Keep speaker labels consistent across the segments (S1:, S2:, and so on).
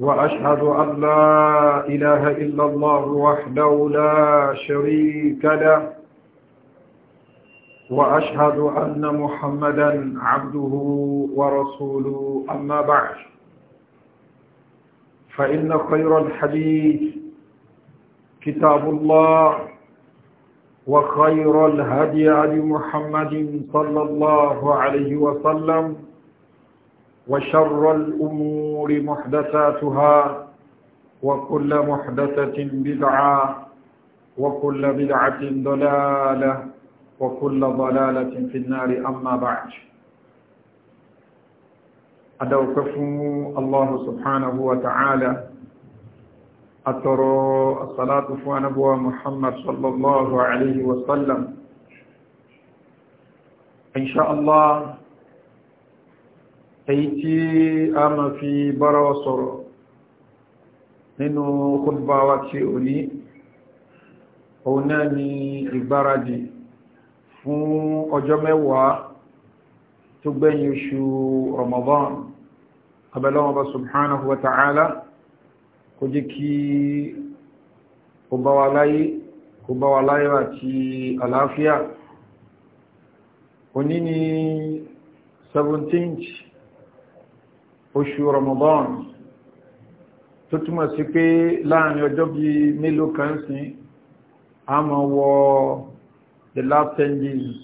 S1: وأشهد أن لا إله إلا الله وحده لا شريك له وأشهد أن محمدا عبده ورسوله أما بعد فإن خير الحديث كتاب الله وخير الهدي علي محمد صلى الله عليه وسلم وشر الأمور محدثاتها وكل محدثة بدعة وكل بدعة ضلالة وكل ضلالة في النار أما بعد أدوكف الله سبحانه وتعالى أترى الصلاة نبوة محمد صلى الله عليه وسلم إن شاء الله èyí tí a ma fi bára wa sọ̀rọ̀ nínú kúrùbá wa tí ò ní òun náà ni ìgbáradì fún ọjọ́ mẹ́wàá tó gbẹ̀yìn oṣù Ramadan abẹ́lọ́wọ́ subhanahu wa ta'ala kó jẹ́ kí ó wa láyé àti àlàáfíà òní ni 17th oṣù Ramadan tó túmọ̀ sí pé láàrin ọjọ́ bí mélòó kan sí a mọ̀ wọ the last ten days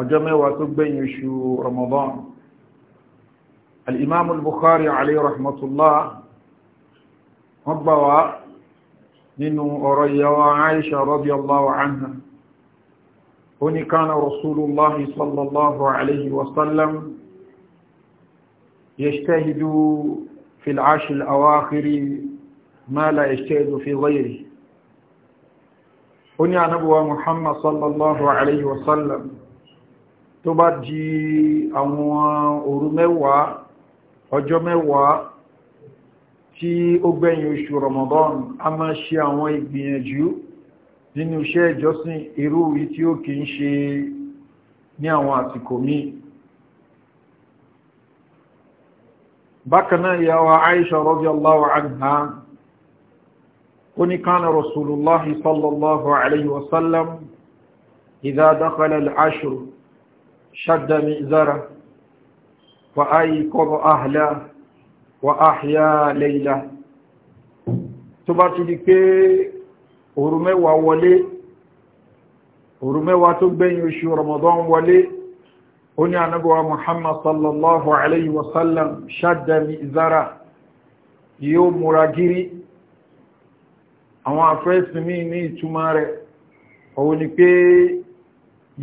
S1: ọjọ́ mẹ́wàá tó gbẹ̀yìn oṣù Ramadan al-Imam al-Bukhari alayhi rahmatullah wọ́n gbà wá nínú ọ̀rọ̀ ìyàwó Aisha radiyallahu anha ó rasulullahi sallallahu alayhi wasallam يجتهد في العشر الأواخر ما لا يجتهد في غيره هنا نبوة محمد صلى الله عليه وسلم تبجي أموان أرموا أجموا tí ó gbẹ̀yìn oṣù Ramadan a máa ṣe àwọn ìgbìyànjú nínú iṣẹ́ ìjọsìn irú tí ó kìí ṣe ní àwọn àsìkò míì bákaná ìyàwó aisha radiyallahu anha ó ní kánà rasulullahi sallallahu alayhi wa sallam idha dakhala al-ashr shadda mi'zara wa ayqadha ahla wa ahya layla tó bá ti di pé òru mẹ́wàá wọlé òru tó gbẹ̀yìn oṣù ramadan wọlé ó ní anábọ̀wà muhammad sallallahu alayhi wa sallam ṣadda mizara yóò múra gírí àwọn afẹ́sìmí ní ìtumá rẹ̀ òun ni pé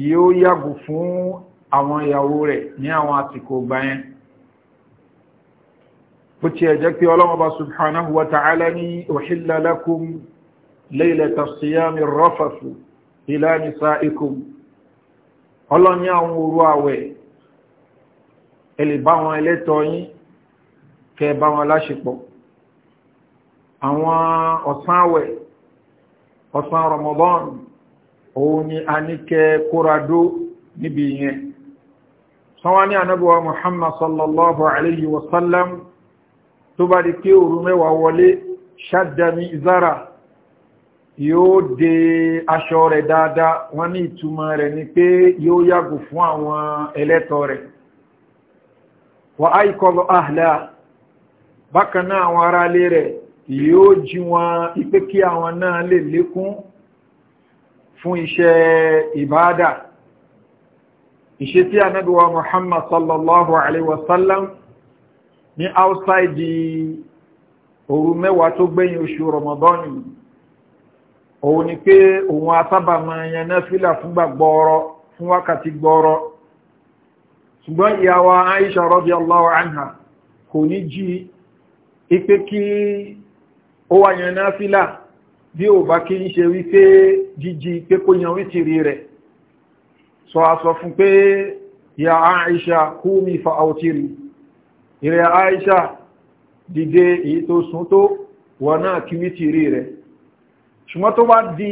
S1: yóò yàgò fún àwọn ìyàwó rẹ̀ ní àwọn àsìkò gbáyẹn bó ti ẹ̀jẹ́ pé ọlọ́mọba subhanahu wa ta'ala ní uhilla lakum laylata siyami rafasu ila nisa'ikum ọlọ́ni àwọn òru àwẹ̀ ẹ lè bá wọn ẹlẹ́tọ̀ yín kẹ bá wọn láṣepọ̀ àwọn ọ̀sán àwẹ̀ ọ̀sán Ramadan òun ni a ní kẹ kóradó níbi yẹn sanwó ní anábíwá Muhammad sallallahu alayhi wa sallam tó bá di pé òru mẹ́wàá wọlé ṣáddami zara yóò de aṣọ rẹ̀ dáadáa wọ́n ní ìtumọ̀ rẹ̀ ni pé yóò yàgò fún àwọn ẹlẹ́tọ̀ rẹ̀ wà áìkọlọ àhìlá bákan náà àwọn aráalé rẹ̀ yóò jí wọn ipé kí àwọn náà lè lékún fún iṣẹ́ ìbáadà ìṣe tí anábíwa muhammad sallallahu alaihi wasallam ní outside òru mẹ́wàá tó gbẹ̀yìn oṣù ramadan yìí òun ni pé òun asábà máa yan náfílà fúngbà gbọ́ọ̀rọ̀ fún wákàtí gbọ́ọ̀rọ̀ ṣùgbọ́n ìyàwó Aisha radiyallahu anha kò ní jí ipé kí ó wá yan náfílà bí ò bá kí ń ṣe wípé jíjí pé kó yan wítìrí rẹ̀ sọ àsọ fún pé ya Aisha kúmi fa àwòtìrí ìrẹ̀ Aisha dìde èyí tó sún tó wọ náà kí wítìrí rẹ̀ ṣùgbọ́n tó bá di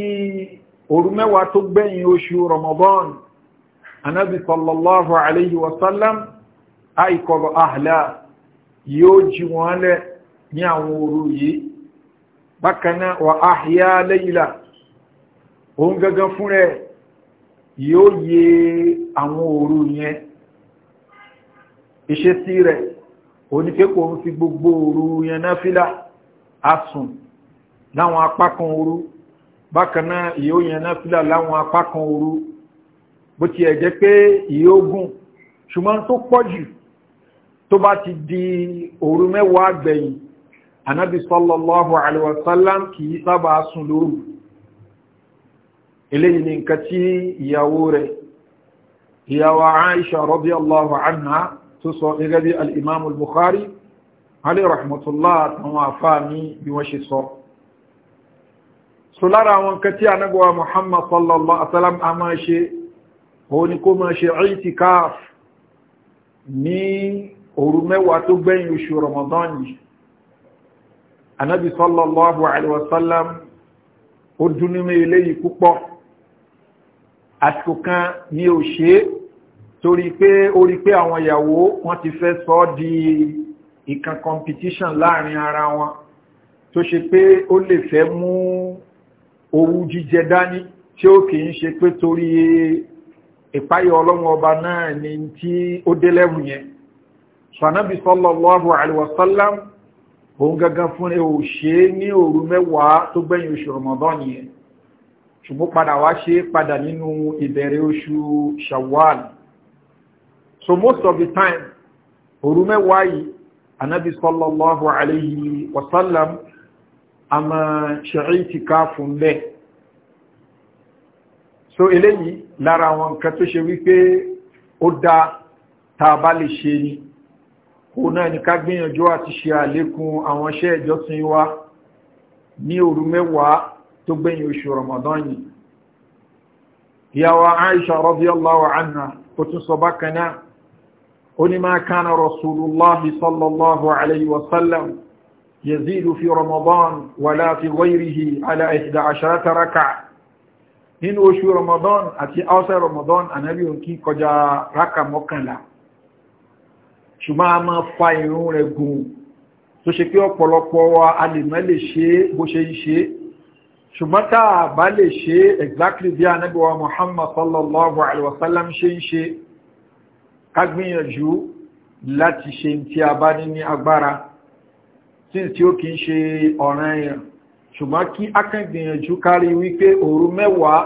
S1: òru mẹ́wàá tó gbẹ̀yìn oṣù ramadan anábi sallallahu alayhi wa sallam aikọ̀rọ̀ ahla yóò jí wọn lẹ́ ní àwọn òru yìí bákanáà wà áhíyá lẹ́yìnlá òun gangan fún rẹ̀ yóò yé àwọn òru yẹn iṣẹ́ sí rẹ̀ oníkẹ́kọ̀ọ́ fi gbogbo òru yẹn náà fílà asùn láwọn apá kan òru bákan náà ìyó yẹn náà fílà láwọn apá kan òru bó tiẹ̀ jẹ́ pé ìyó gùn ṣùgbọ́n tó pọ̀ jù tó bá ti di òru mẹ́wàá gbẹ̀yìn anábì sallallahu alaihi wasallam kì í sábà sùn lóru eléyìí ni nǹkan tí ìyàwó rẹ̀ ìyàwó Aisha radiyallahu anha tó sọ gẹ́gẹ́ bí al bukhari alẹ́ rahmatullah àtàwọn àfáà bí wọ́n ṣe sọ. So so lára àwọn nǹkan tí anábọ̀wá muhammad sallallahu alaihi wasallam a máa ṣe òun ni kó máa ṣe itikaf ní òru mẹ́wàá tó gbẹ̀yìn oṣù ramadan yìí anábì sallallahu alaihi wasallam ó dúnú mé eléyìí púpọ̀ àsìkò kan ní òṣè torí pé ó pé àwọn ìyàwó wọn ti fẹ́ sọ di ìkan competition láàrin ara wọn tó ṣe pé ó lè fẹ́ mú owú jíjẹ dání tí ó kì í ṣe pé torí ìpáyọ̀ ọlọ́run ọba náà ni tí ó dé lẹ́rù yẹn sànábì sallallahu alaihi wasallam òun gangan fún ẹ ò ṣe é ní òru mẹ́wàá tó gbẹ̀yìn oṣù Ramadan yẹn ṣùgbọ́n padà wá ṣe é padà nínú ìbẹ̀rẹ̀ oṣù Shawwal so most of the time òru mẹ́wàá yìí anábì sallallahu alaihi wasallam a máa ṣẹ̀rí ti ká fún bẹ́ so eléyìí lára àwọn nǹkan tó ṣe wípé ó dá ta lè ṣe ni kò náà ní ká gbìyànjú àti ṣe àlékún àwọn iṣẹ́ ìjọsìn wa ní òru mẹ́wàá tó gbẹ̀yìn oṣù ramadan yìí ìyàwó aisha radiyallahu anha ó tún sọ bákan náà ó ní máa kánà rasulullahi sallallahu alayhi wa يزيد في رمضان ولا في غيره على 11 ركعة nínú oṣù ramadan àti ọ́sẹ̀ ramadan anábí òǹkí kọjá ráka mọ́kànlá ṣùgbọ́n a máa fa irun rẹ̀ gùn tó ṣe pé ọ̀pọ̀lọpọ̀ wa a lè mẹ́ lè ṣe bó ṣe ń ṣe ṣùgbọ́n tá a bá lè ṣe exactly bí anábí wa muhammad sallallahu alaihi wasallam ṣe ń ṣe ká gbìyànjú láti ṣe tí a bá ní ní agbára since tí ó kìí ṣe ọ̀ràn èèyàn ṣùgbọ́n kí akẹ́gbìyànjú kárí wípé òru mẹ́wàá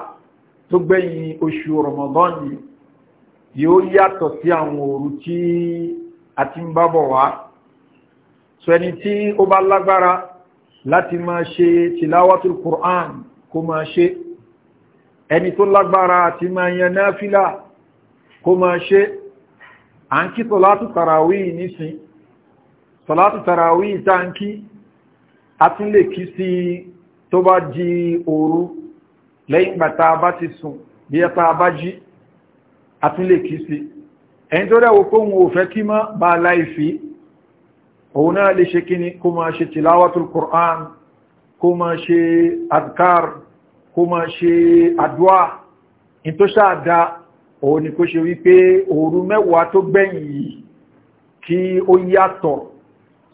S1: tó gbẹ̀yìn oṣù Ramadan yìí yóò yàtọ̀ sí àwọn òru tí a ti ń bábọ̀ wá so ẹni tí ó bá lágbára láti máa ṣe tìláwàtul Qur'an kó máa ṣe ẹni tó lágbára àti máa yan náfìlà kó máa ṣe à ń kí sọ̀látù tàràwí nísìn sọ̀látù tàràwí ìtànkí a tún lè kí sí tó bá jí òru lẹ́yìn gbàtà bá ti sùn bí ẹta bá jí a tún lè kí sí ẹni tó rẹ̀wò kó wọn ò fẹ́ kí mọ́ bá láìfí òun náà lè ṣe kíni kó máa ṣe tìláwàtul Qur'an kó máa ṣe adkar kó máa ṣe àdúà in tó ṣáàdá òun ni kó ṣe wípé òru mẹ́wàá tó gbẹ̀yìn yìí kí ó yàtọ̀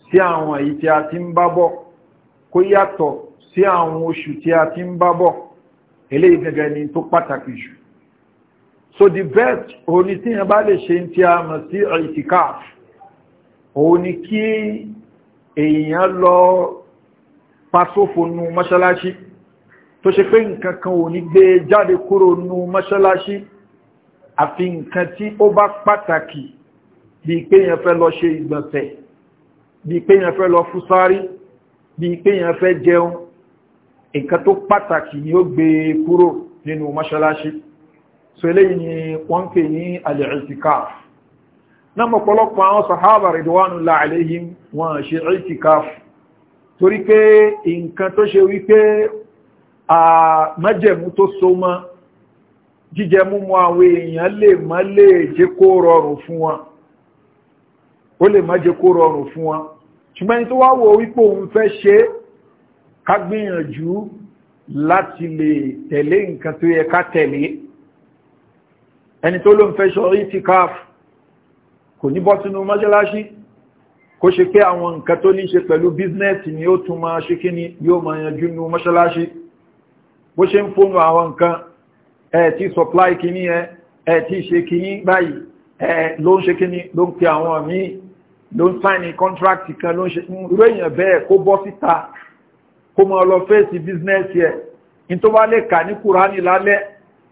S1: sí àwọn èyí tí a ti ń bá bọ̀ kó yàtọ̀ sí àwọn oṣù tí a ti ń bá bọ̀ eléyìí gẹ́gẹ́ ni tó pàtàkì jù so the best òun ni tí yẹn bá lè ṣe tí a mọ̀ sí itikaf òun ni kí èèyàn lọ pasófo nu mọ́ṣáláṣí tó ṣe pé nǹkan kan ò ní gbé jáde kúrò nu mọ́ṣáláṣí àfi nǹkan tí ó bá pàtàkì bíi pé yẹn fẹ́ lọ ṣe ìgbọ̀nsẹ̀ bí pé yẹn fẹ́ lọ fún sáré bí pé yẹn fẹ́ jẹun nǹkan tó pàtàkì ni ó gbé kúrò nínú mọ́ṣáláṣí so eléyìí ni wọ́n pè ní al náà mọ̀pọ̀lọpọ̀ àwọn sahaba Ridwanu alayhim wọ́n ṣe i'tikaf torí pé nǹkan tó ṣe wípé àmájẹ̀mú tó so mọ́ jíjẹ múmú àwọn èèyàn lè má lè jẹ́ kó rọrùn fún wọn ó lè má jẹ́ kó rọrùn fún wọn ṣùgbọ́n ẹni tó wá wo wípò òun fẹ́ ṣe ká gbìyànjú láti lè tẹ̀lé nǹkan tó yẹ ká tẹ̀lé ẹni tó ló ń fẹ́ ṣọ itikaf kò ní bọ́ sínú mọ́ṣáláṣí kó ṣe pé àwọn nǹkan tó ní ṣe pẹ̀lú bíznẹ́sì ni ó tún máa ṣe kí ni yóò máa yanjú nínú mọ́ṣáláṣí bó ṣe ń fóònù àwọn nǹkan ẹ̀ tí supply kìíní ẹ̀ tí ṣe kìíní báyìí ẹ̀ ló ń ṣe kìíní ló ń pe àwọn míì ló ń sáìnì kọ́ntrákì kan ló ń ṣe irú èèyàn bẹ́ẹ̀ kó bọ́ síta kó mọ lọ fèsì bísínẹ́sì ẹ̀ ní tó bá lè kà ní kùránì lálẹ́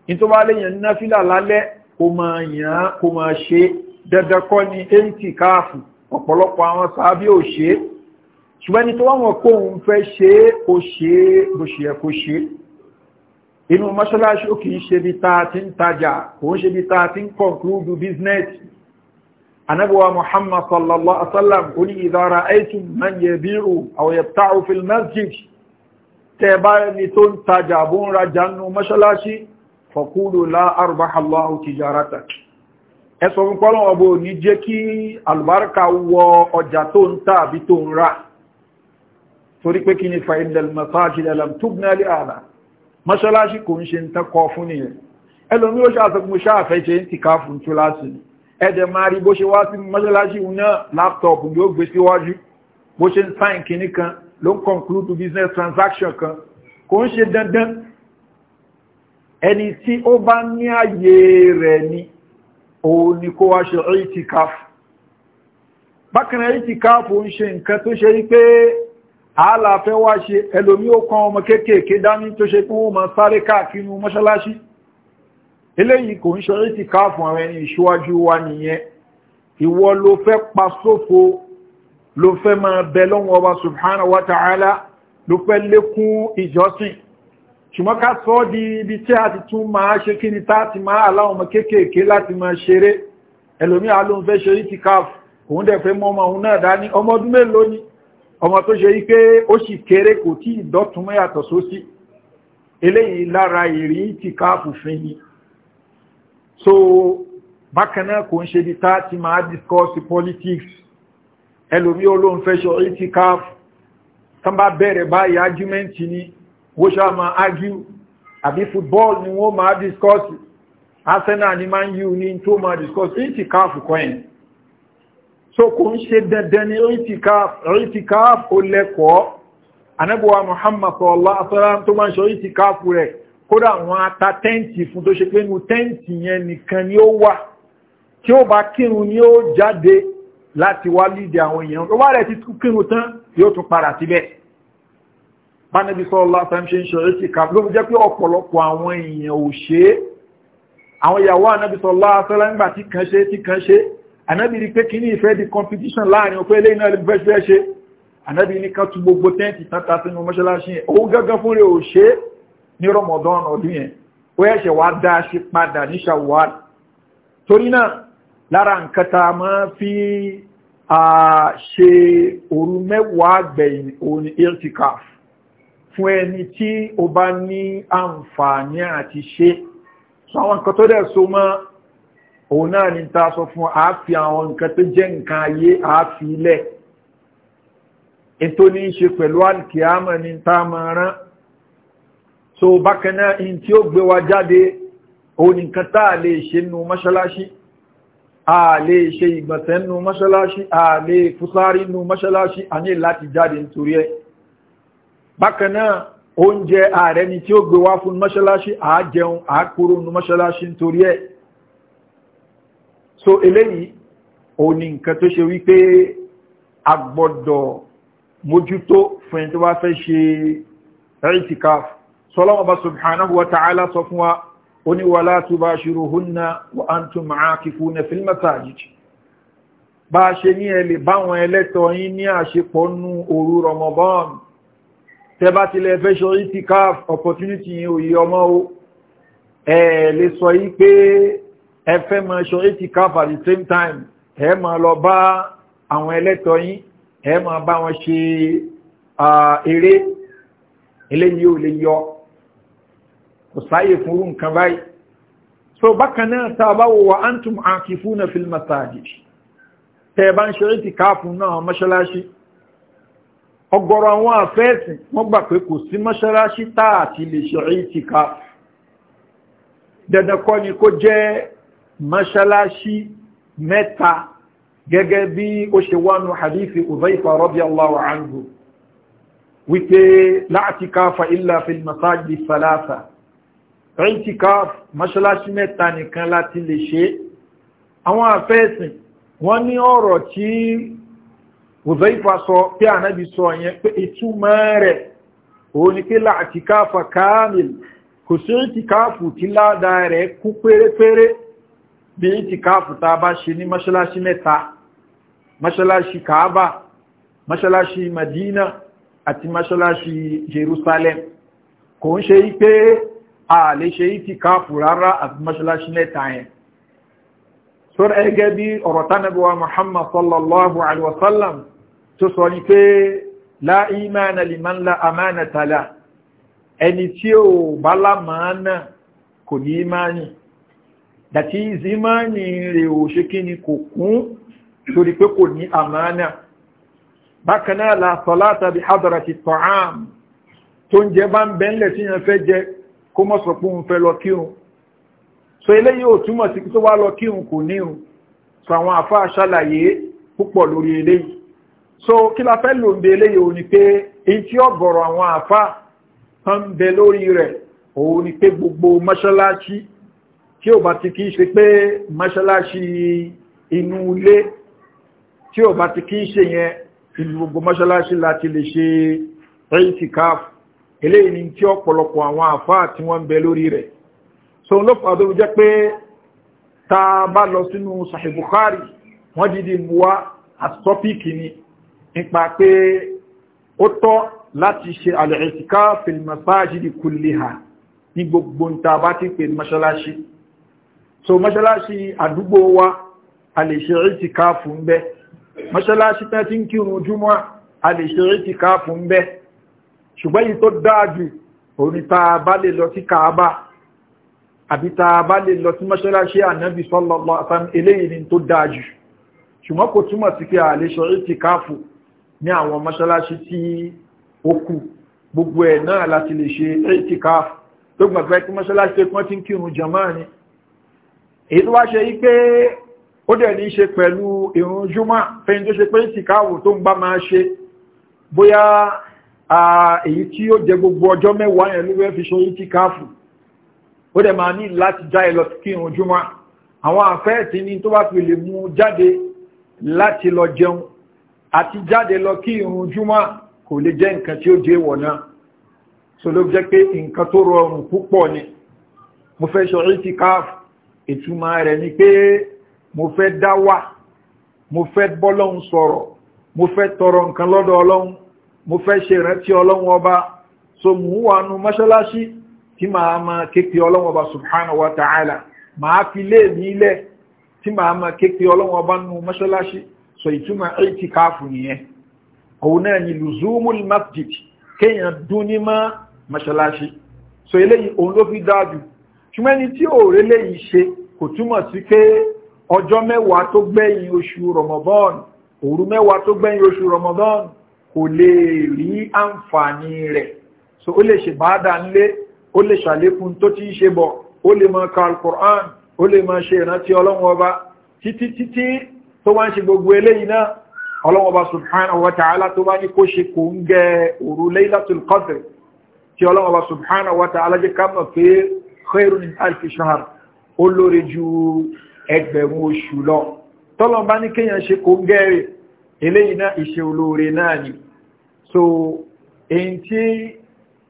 S1: ní tó bá lè yàn ní náfìlà lálẹ́ kó mọ yàn án kó mọ ṣe dandan kọ́ ni eighty káàfù ọ̀pọ̀lọpọ̀ àwọn sàábí ò ṣe é ṣùgbọ́n ní tó wọ́n kó òun fẹ́ ṣe é kó ṣe é bó ṣe yẹ kó ṣe é inú mọ́ṣáláṣí ó kìí ṣe bí ta ti ń tajà kò ń ṣe bí ta ti ń conclude business anabuwa muhammad sallallahu alaihi wasallam kuni idara aikin man ya biru a wayabta'u fil masjid ta bayan ni tun tajabun rajannu mashalashi fakulu la arbaha allah tijarata ẹ sọ fún pọ́lọ́wọ́ bó ní jẹ́ kí albarka wọ ọjà tó ń tà àbí tó ń rà torí pé kí ni fa'indal masajid alam tubna li ala mashalashi kò ń ṣe ń takọ fún ni ẹlòmí ó ṣàtọkùn ṣáàfẹ́ ń tìká fún túlásì ni ẹ̀dẹ̀ máa rí bó ṣe wá sí mọ́ṣáláṣí náà láptọ̀pù ló gbé síwájú bó ṣe ń sáìn kìíní kan ló ń conclude business transaction kan kò ń ṣe dandan ẹni tí ó bá ní ààyè rẹ̀ ni òun ni kó wá ṣe itikaf bákanáà itikaf ń ṣe nǹkan tó ṣe wípé àálàfẹ́ wá ṣe ẹlòmí ó kan ọmọ kéékèèké dání tó ṣe pé wọ́n máa sáré káàkiri mọ́ṣáláṣí eléyìí kò ń ṣọrí ti káàfù àwọn ẹni ìṣíwájú wa nìyẹn ìwọ ló fẹ́ pa sófo ló fẹ́ máa bẹ lọ́wọ́ ọba subhanahu wa ta'ala ló fẹ́ lékún ìjọsìn ṣùgbọ́n ká sọ di ibi tí a ti tún máa ṣe kí ni tá ti máa aláwọn ọmọ kéékèèké láti máa ṣeré ẹlòmí alóhun fẹ́ ṣorí ti káàfù òun dẹ̀ fẹ́ mọ́ ọmọ òun náà dání ọmọ ọdún mélòó ni ọmọ tó ṣe wípé ó sì kéré kò tí ìdọ́tún mẹ́yàtọ̀ sósì eléyìí lára ìrí ti káàfù fi yìí so bákan náà kò ń ṣe bí tá ti máa discuss politics ẹlòmí olóhun fẹ́ ṣọ itikaf bá bẹ̀rẹ̀ báyìí argument ni wọ́n ṣá máa argue àbí football ni wọ́n máa discuss arsenal ni man u ni tó máa discuss itikaf kọ́ so kò ń ṣe dandan ní itikaf itikaf ó lẹ́kọ̀ọ́ anábọ̀wá muhammad sallallahu alaihi tó máa ń rẹ̀ kódà wọn ata tẹ́ǹtì fún tó ṣe pé nu tẹ́ǹtì yẹn nìkan ni ó wà tí ó bá kírun ni ó jáde láti wá lídìí àwọn èèyàn tó bá rẹ̀ ti kírun tán yóò tún padà síbẹ̀ pánẹ́bí sọ́ọ́lá sáà ṣe ń ṣe ẹ̀sìn kàbí ló fi jẹ́ pé ọ̀pọ̀lọpọ̀ àwọn èèyàn ò ṣe é àwọn ìyàwó ànábì sọ́ọ́lá sọ́ọ́lá ńgbà tí kan ṣe tí kan ṣe ànábì rí pé kí ní ìfẹ́ di competition láàrin òpé ilé iná ẹlẹ́gbẹ́ ṣe ànábì ní ká tún gbogbo tẹ́ǹtì tán ta sínú mọ́ṣáláṣí òun gángan fúnra ò ṣe é ní Ramadan ọdún yẹn ó ẹ̀ṣẹ̀ wá dá ṣe padà ní Shawwal torí náà lára nǹkan tá a máa fi ṣe òru mẹ́wàá gbẹ̀yìn òní irtikaf fún ẹni tí ó bá ní àǹfààní àti ṣe sọ àwọn nǹkan tó dẹ̀ so mọ́ òun náà ni ta sọ fún àáfi àwọn nǹkan tó jẹ́ nǹkan ayé àáfi ilẹ̀ ètò ní í ṣe pẹ̀lú alkiyama ni ta máa rán so bákanáà in tí ó gbé wa jáde onìkan a lè ṣe nù mọ́ṣáláṣí a lè ṣe ìgbọ̀nsẹ̀ nù mọ́ṣáláṣí a lè fúsárí nù mọ́ṣáláṣí a ní láti jáde nítorí ẹ̀ bákanáà oúnjẹ ààrẹ ni tí ó gbé wá fún mọ́ṣáláṣí a jẹun a kúrò nù mọ́ṣáláṣí nítorí ẹ̀ so eléyìí o ní nǹkan tó ṣe wípé a gbọ́dọ̀ mójútó fún ẹni tó bá fẹ́ ṣe ẹ̀rìtìkáfù sọlọ́mọba subhanahu wa ta'ala sọ fún wa ó ní wà látúbà ṣírò húnna wa an tún máa kí fún ẹfil masajidi bá ṣe ní ẹlẹ̀ báwọn ẹlẹ́tọ̀ yí ní àṣepọ̀ nú òru ramadan tẹbá tilẹ̀ fẹ́ ṣọ itikaf opportunity yí òye ọmọ o ẹ lè sọ yí pé ẹ fẹ́ máa ṣọ itikaf at the same time ẹ máa lọ bá àwọn ẹlẹ́tọ̀ yí ẹ máa bá wọn ṣe eré eléyìí ò lè yọ kò sáyè fún orú nǹkan báyìí so bákan náà tá a bá wo wa antum akifuna fil masajid tẹ́ ẹ bá ń ṣeré ti káàfù náà mọ́ṣáláṣí ọ̀gọ̀rọ̀ àwọn àfẹ́ẹ̀sì wọ́n gbà pé kò sí mọ́ṣáláṣí tá a ti lè ṣeré ti káàfù dandan kọ́ ni kó jẹ́ mọ́ṣáláṣí mẹ́ta gẹ́gẹ́ bí ó ṣe wà nù hadithi uzaifa radiyallahu anhu wípé láti káàfà illa fil masajid salasa itikaf mọ́ṣáláṣí mẹ́ta nìkan láti lè ṣe àwọn àfẹ́ẹ̀sìn wọ́n ní ọ̀rọ̀ tí òzẹ́ifà sọ pé ànábì sọ yẹn pé ìtumọ̀ rẹ̀ òun ni pé láàtìkáfà káàmìl kò sí ìtìkáfù tí ládà rẹ̀ kú pérépéré bí ìtìkáfù tá bá ṣe ní mọ́ṣáláṣí mẹ́ta mọ́ṣáláṣí kaaba mọ́ṣáláṣí madina àti mọ́ṣáláṣí jerusalem kò ń ṣe pé a lè ṣe ìtì káàfù rárá àti mọ́ṣálásí mẹ́ta yẹn sọ́rọ̀ ẹgẹ́ bí ọ̀rọ̀ tánàbíwa muhammad sallallahu alaihi wasallam tó sọ ní pé láìmáàna liman la amánà tàlá ẹni tí ó bá lámàánà kò ní ìmáàni dàtí ìzímáàni rẹ̀ ò ṣe kí ni kò kún torí pé kò ní àmánà bákanáà la sọ ta'am tó ń jẹ bá ń bẹ́ńlẹ̀ tí yẹn jẹ kó mọ́ sọ pé òun fẹ́ lọ kírun so eléyìí ò túmọ̀ sí tó wá lọ kírun kò nírun so àwọn àfáà ṣàlàyé púpọ̀ lórí eléyìí so kí la fẹ́ lò ń bẹ eléyìí ò ní pé èyí tí ọ̀gọ̀rọ̀ àwọn àfáà tán ń bẹ lórí rẹ̀ òun ni pé gbogbo mọ́ṣáláṣí tí ò bá ti kí ṣe pé mọ́ṣáláṣí inú ilé tí ò bá ti kí ṣe yẹn ìlú gbogbo mọ́ṣáláṣí láti lè ṣe ẹ̀yìn tìkáàfù eléyìí ni tí ọ̀pọ̀lọpọ̀ àwọn àfáà tí wọ́n ń bẹ lórí rẹ̀ so ló fà tó jẹ́ pé tá a bá lọ sínú sahih bukhari wọ́n dìde buwa àtọ́pìkì ni nípa pé ó tọ́ láti ṣe àlẹ́ẹ̀sìká fil masajidi kulliha ní gbogbo tá bá ti pè mọ́ṣáláṣí so mọ́ṣáláṣí àdúgbò wa a lè ṣe ìtìká fún bẹ́ mọ́ṣáláṣí tẹ́ ń kírun júmọ́ a lè ṣe ìtìká fún bẹ́ẹ̀ ṣùgbọ́n yìí tó dáájú orí ta bá lè lọ sí Kaaba àbí ta bá lè lọ sí mọ́ṣáláṣí ànábì sallallahu alaihi wasallam ni tó dáájú ṣùgbọ́n kò túmọ̀ sí pé a lè ṣe ìtìkáàfù ní àwọn mọ́ṣáláṣí tí ó kù gbogbo ẹ̀ náà láti lè ṣe ìtìkáàfù tó gbàgbẹ́ kí mọ́ṣáláṣí pé kí tó wá bóyá èyí tí ó jẹ gbogbo ọjọ́ mẹ́wàá yẹn lówẹ́ fi ṣe yìí káàfù ó dẹ̀ máa ní láti já ẹ lọ kí irun júmọ́ àwọn àfẹ́ẹ̀tì ní tó bá fi lè mú jáde láti lọ jẹun àti jáde lọ kí irun júmọ́ kò lè jẹ́ nǹkan tí ó jẹ́ wọ̀ náà so ló jẹ́ pé nǹkan tó rọrùn púpọ̀ ni mo fẹ́ ṣe yìí káàfù ìtumọ̀ rẹ̀ ni pé mo fẹ́ dá wà mo fẹ́ bọ́lọ́hún sọ̀rọ̀ mo fẹ́ tọrọ nǹkan lọ́dọ̀ ọlọ́hún mo fẹ́ ṣe ìrántí ọlọ́run ọba so mú wà nú mọ́ṣáláṣí tí màá ma képe ọlọ́run ọba subhanahu wa ta'ala màá fi lé mi lẹ̀ tí màá ma képe ọlọ́run ọba nú mọ́ṣáláṣí so ìtumọ̀ ẹ̀ẹ́tì káàfù nìyẹn òun náà ni luzumul masjid kéèyàn dún ní mọ́ mọ́ṣáláṣí so eléyìí òun ló fi dájú ṣùgbọ́n ẹni tí òòrè léyìí ṣe kò túmọ̀ sí pé ọjọ́ mẹ́wàá tó gbẹ̀yìn oṣù rọmọdán òru mẹ́wàá tó gbẹ̀yìn oṣù rọmọdán kò lè rí àǹfààní rẹ̀ so ó lè ṣe báadà ńlé ó lè ṣàlékún tó ti ń ṣe bọ̀ ó lè máa ka alkùrán ó lè máa ṣe ìrántí ọlọ́run ọba títí títí tó wá ń ṣe gbogbo eléyìí náà ọlọ́run ọba subhanahu wa ta'ala tó wá ní kó ṣe kò ń gẹ òru laylatul qadr tí ọlọ́run ọba subhanahu wa ní kéèyàn kò gẹ́rẹ̀ eléyìí náà ìṣe olóore náà ni so èyí tí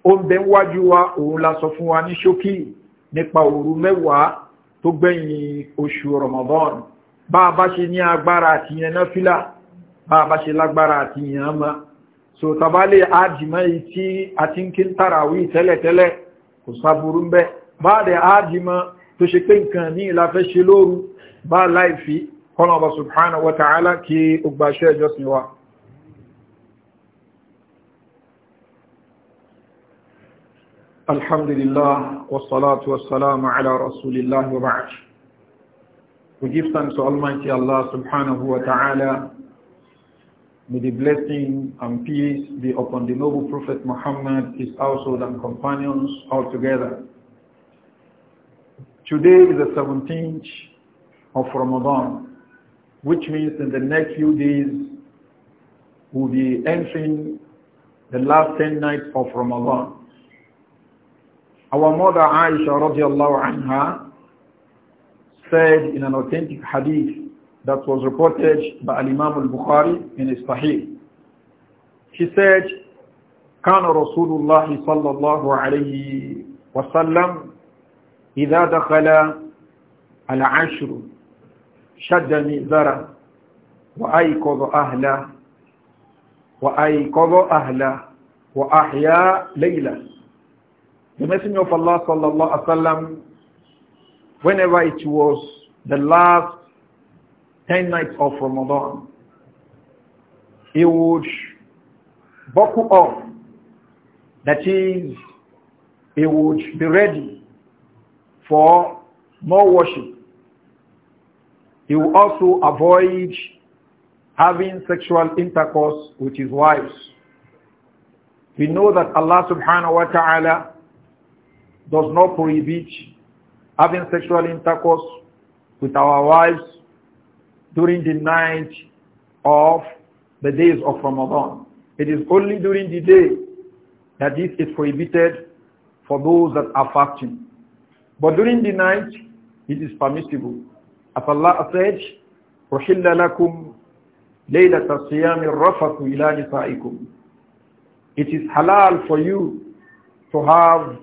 S1: ó ń bẹ wájú wa òun la sọ fún wa ní ṣókí nípa òru mẹ́wàá tó gbẹ̀yìn oṣù Ramadan bá a bá ṣe ní agbára àti yẹn náà fílà bá a bá ṣe lágbára àti yẹn ama so tabale ájìmọ́ èyí tí a ti ń kí ń tàràwí tẹ́lẹ̀tẹ́lẹ̀ kò sáburú ń bẹ bá a dẹ̀ ájìmọ́ tó ṣe pé nǹkan ní ìlàfẹ́ ṣe lóru bá a láì fi kọ́nà ọba subhanahu wa ta'ala kí ó gbàṣẹ́ ìjọsìn wa الحمد لله والصلاة والسلام على رسول الله وبعد We give thanks to Almighty Allah subhanahu wa ta'ala. May the blessing and peace be upon the noble Prophet Muhammad, his household and companions all together. Today is the 17th of Ramadan, which means in the next few days we'll be entering the last 10 nights of Ramadan. Our mother Aisha radiallahu anha said in an authentic hadith that was reported by Imam al-Bukhari in his Sahih. She said, كان رسول الله صلى الله عليه وسلم إذا دخل العشر شد مئذره وأيقظ أهله وأيقظ أهله وأحيا ليله the Messenger of Allah sallallahu alaihi wasallam, whenever it was the last 10 nights of Ramadan, he would buckle up. That is, he would be ready for more worship. He would also avoid having sexual intercourse with his wives. We know that Allah subhanahu wa ta'ala does not prohibit having sexual intercourse with our wives during the night of the days of Ramadan. It is only during the day that this is prohibited for those that are fasting. But during the night, it is permissible. As Allah said, أُحِلَّ لَكُمْ لَيْلَةَ الصِّيَامِ الرَّفَثُ إِلَى نِسَائِكُمْ It is halal for you to have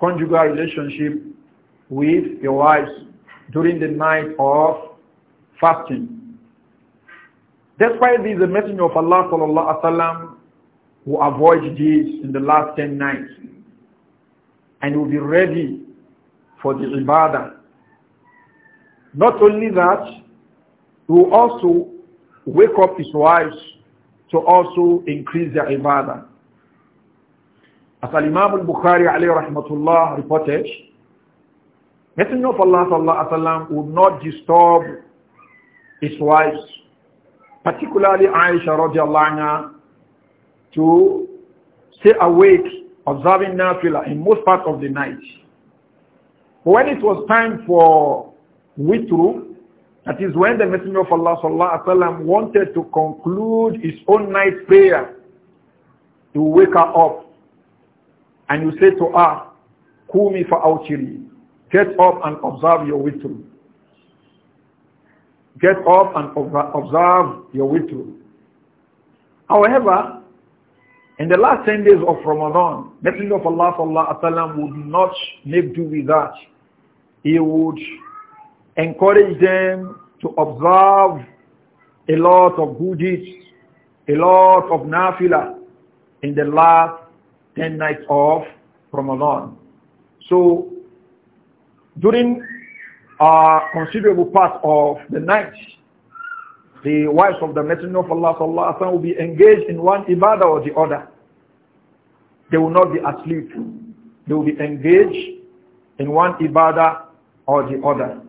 S1: conjugal relationship with your wives during the night of fasting. That's why this, a Messenger of Allah sallallahu alaihi wasallam who avoid this in the last ten nights and will be ready for the ibadah. Not only that, he will also wake up his wives to also increase their ibadah. As Al-Imam al-Bukhari alayhi rahmatullah reported, Messenger of Allah sallallahu alayhi wa would not disturb his wives, particularly Aisha radiallahu to stay awake observing Nafila in most part of the night. When it was time for Witru, that is when the Messenger of Allah sallallahu alaihi wasallam wanted to conclude his own night prayer to wake her up and you say to us, Kumi for outiri, get up and observe your witr. Get up and observe your witr. However, in the last 10 days of Ramadan, Messenger of Allah sallallahu alaihi would not make do with that. He would encourage them to observe a lot of good deeds, a lot of nafilah in the last 10 nights of Ramadan. So during a considerable part of the night, the wives of the Messenger of Allah sallallahu alaihi will be engaged in one ibadah or the other. They will not be asleep. They will be engaged in one ibadah or the other.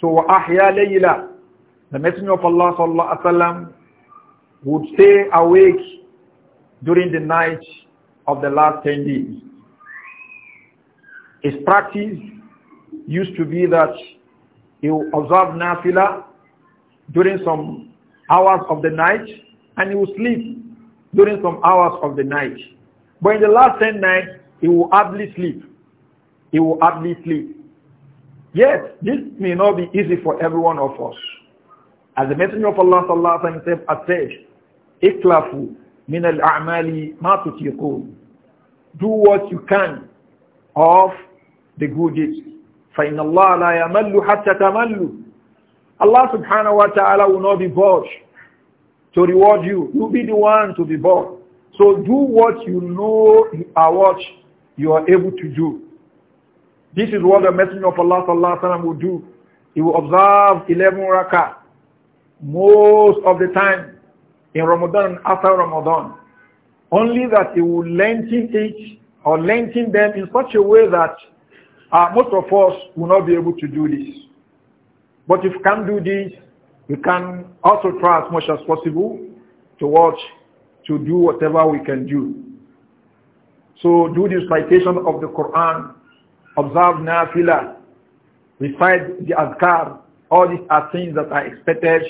S1: So وَأَحْيَا لَيْلًا The Messenger of Allah sallallahu alaihi wasallam would stay awake during the night of the last 10 days. His practice used to be that he would observe nafila during some hours of the night and he would sleep during some hours of the night. But in the last 10 nights, he will hardly sleep. He will hardly sleep. Yes, this may not be easy for every one of us. As the Messenger of Allah sallallahu himself has said, مِنَ الْأَعْمَالِ مَا تُتِيقُونَ do what you can of the good deeds. فَإِنَّ اللَّهَ لَا يَمَلُّ حَتَّى تَمَلُّ Allah subhanahu wa ta'ala will not be bored to reward you. You'll be the one to be bored. So do what you know you are what you are able to do. This is what the Messenger of Allah sallallahu alaihi wasallam will do. He will observe 11 rakah most of the time in Ramadan and after Ramadan. Only that he will lengthen it or lengthen them in such a way that uh, most of us will not be able to do this. But if we can do this, we can also try as much as possible to watch, to do whatever we can do. So do the recitation of the Quran, observe nafila, recite the Azkar. all these are things that are expected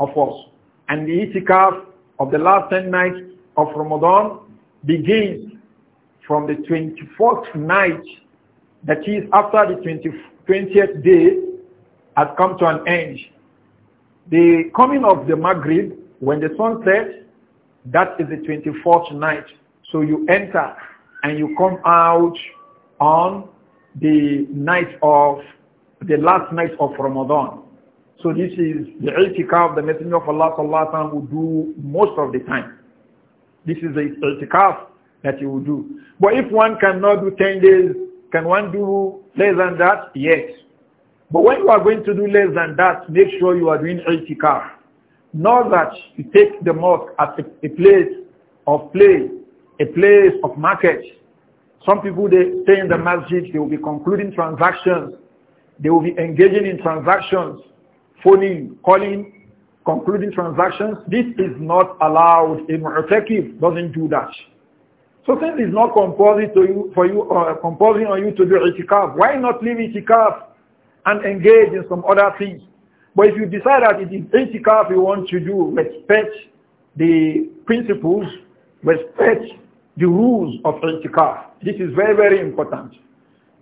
S1: of us. And the itikaf of the last 10 nights of Ramadan begins from the 24th night, that is after the 20, 20th day has come to an end. The coming of the Maghrib, when the sun sets, that is the 24th night. So you enter and you come out on the night of the last night of Ramadan. So this is the itikaf the Messenger of Allah sallallahu do most of the time. This is the itikaf that you will do. But if one cannot do 10 days, can one do less than that? Yes. But when you are going to do less than that, make sure you are doing itikaf. Not that you take the mosque as a, a place of play, a place of market. Some people, they stay in the masjid, they will be concluding transactions. They will be engaging in transactions, phoning, calling concluding transactions, this is not allowed. A mu'takib doesn't do that. So since it's not compulsory to you, for you, uh, compulsory on you to do itikaf, why not leave itikaf and engage in some other things? But if you decide that it is itikaf you want to do, respect the principles, respect the rules of itikaf. This is very, very important.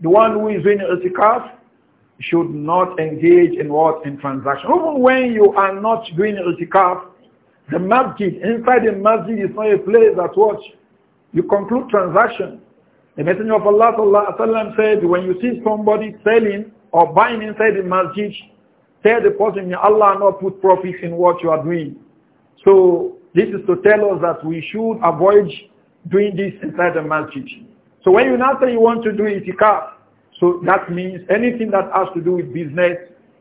S1: The one who is doing itikaf should not engage in what? In transaction. Even when you are not doing itikaf, the masjid, inside the masjid is not a place that what? You conclude transaction. The Messenger of Allah sallallahu alaihi wasallam said, when you see somebody selling or buying inside the masjid, tell the person, may Allah not put profit in what you are doing. So this is to tell us that we should avoid doing this inside the masjid. So when you now say you want to do itikaf, so that means anything that has to do with business,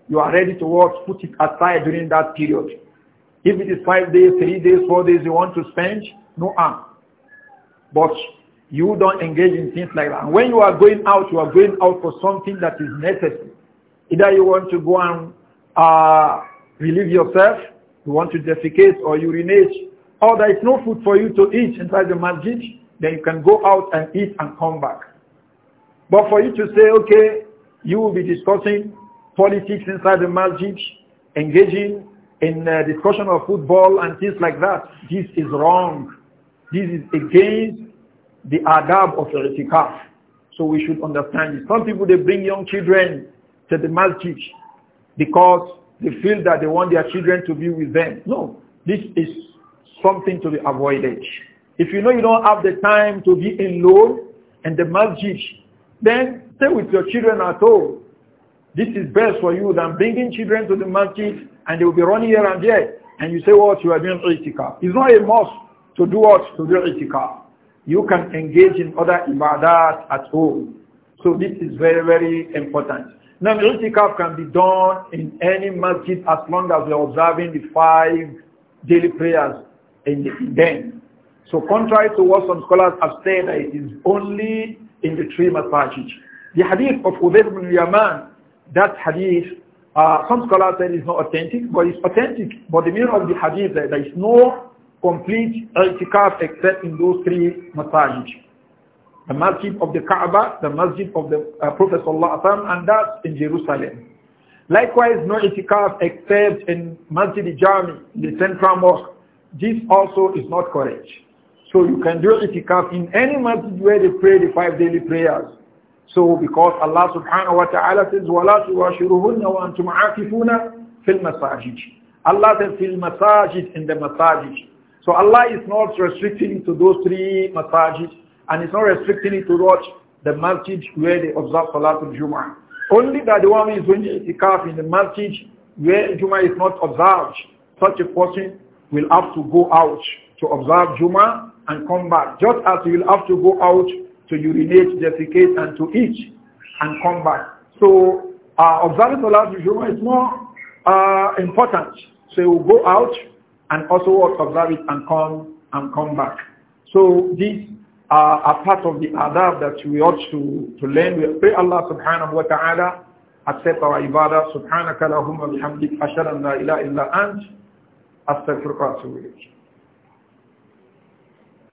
S1: you are ready to work, put it aside during that period. If it is five days, three days, four days you want to spend, no harm. But you don't engage in things like that. when you are going out, you are going out for something that is necessary. Either you want to go and uh, relieve yourself, you want to defecate or urinate, or there is no food for you to eat inside the masjid, then you can go out and eat and come back. But for you to say, okay, you will be discussing politics inside the masjid, engaging in uh, discussion of football and things like that, this is wrong. This is against the adab of the itikaf. So we should understand it. Some people, they bring young children to the masjid because they feel that they want their children to be with them. No, this is something to be avoided. If you know you don't have the time to be alone and the masjid then stay with your children at home. This is best for you than bringing children to the masjid and they will be running here and there. And you say what you are doing itikaf. It's not a must to do what? To do itikaf. You can engage in other ibadat at home. So this is very, very important. Now itikaf can be done in any masjid as long as you're observing the five daily prayers in the den. So contrary to what some scholars have said, that it is only in the three masajid. The hadith of Ubayd ibn Yaman, that hadith, uh, some scholars say is not authentic, but it's authentic. But the meaning of the hadith, there is no complete i'tikaf except in those three masajid. The masjid of the Kaaba, the masjid of the uh, Prophet Sallallahu and that's in Jerusalem. Likewise, no itikaf except in Masjid Jami, the central mosque. This also is not correct. So you can do itikaf in any masjid where they pray the five daily prayers. So because Allah subhanahu wa ta'ala says, وَلَا تُوَاشِرُهُنَّ وَأَنْتُمْ عَاكِفُونَ فِي الْمَسَاجِدِ Allah says, فِي المساجد, in the masajid. So Allah is not restricting it to those three masajid, and it's not restricting it to what? The masjid where they observe Salatul Jum'ah. Only that the one who is doing itikaf in the masjid where Jum'ah is not observed, such a person will have to go out to observe Jum'ah and come back. Just as you will have to go out to urinate, defecate, and to eat and come back. So uh, observing Salat Juma is more uh, important. So you will go out and also observe it and come and come back. So these uh, are part of the adab that we ought to, to learn. We pray Allah subhanahu wa ta'ala accept our ibadah. Subhanaka lahumma bihamdik ashara la ilaha illa ant. Astaghfirullah wa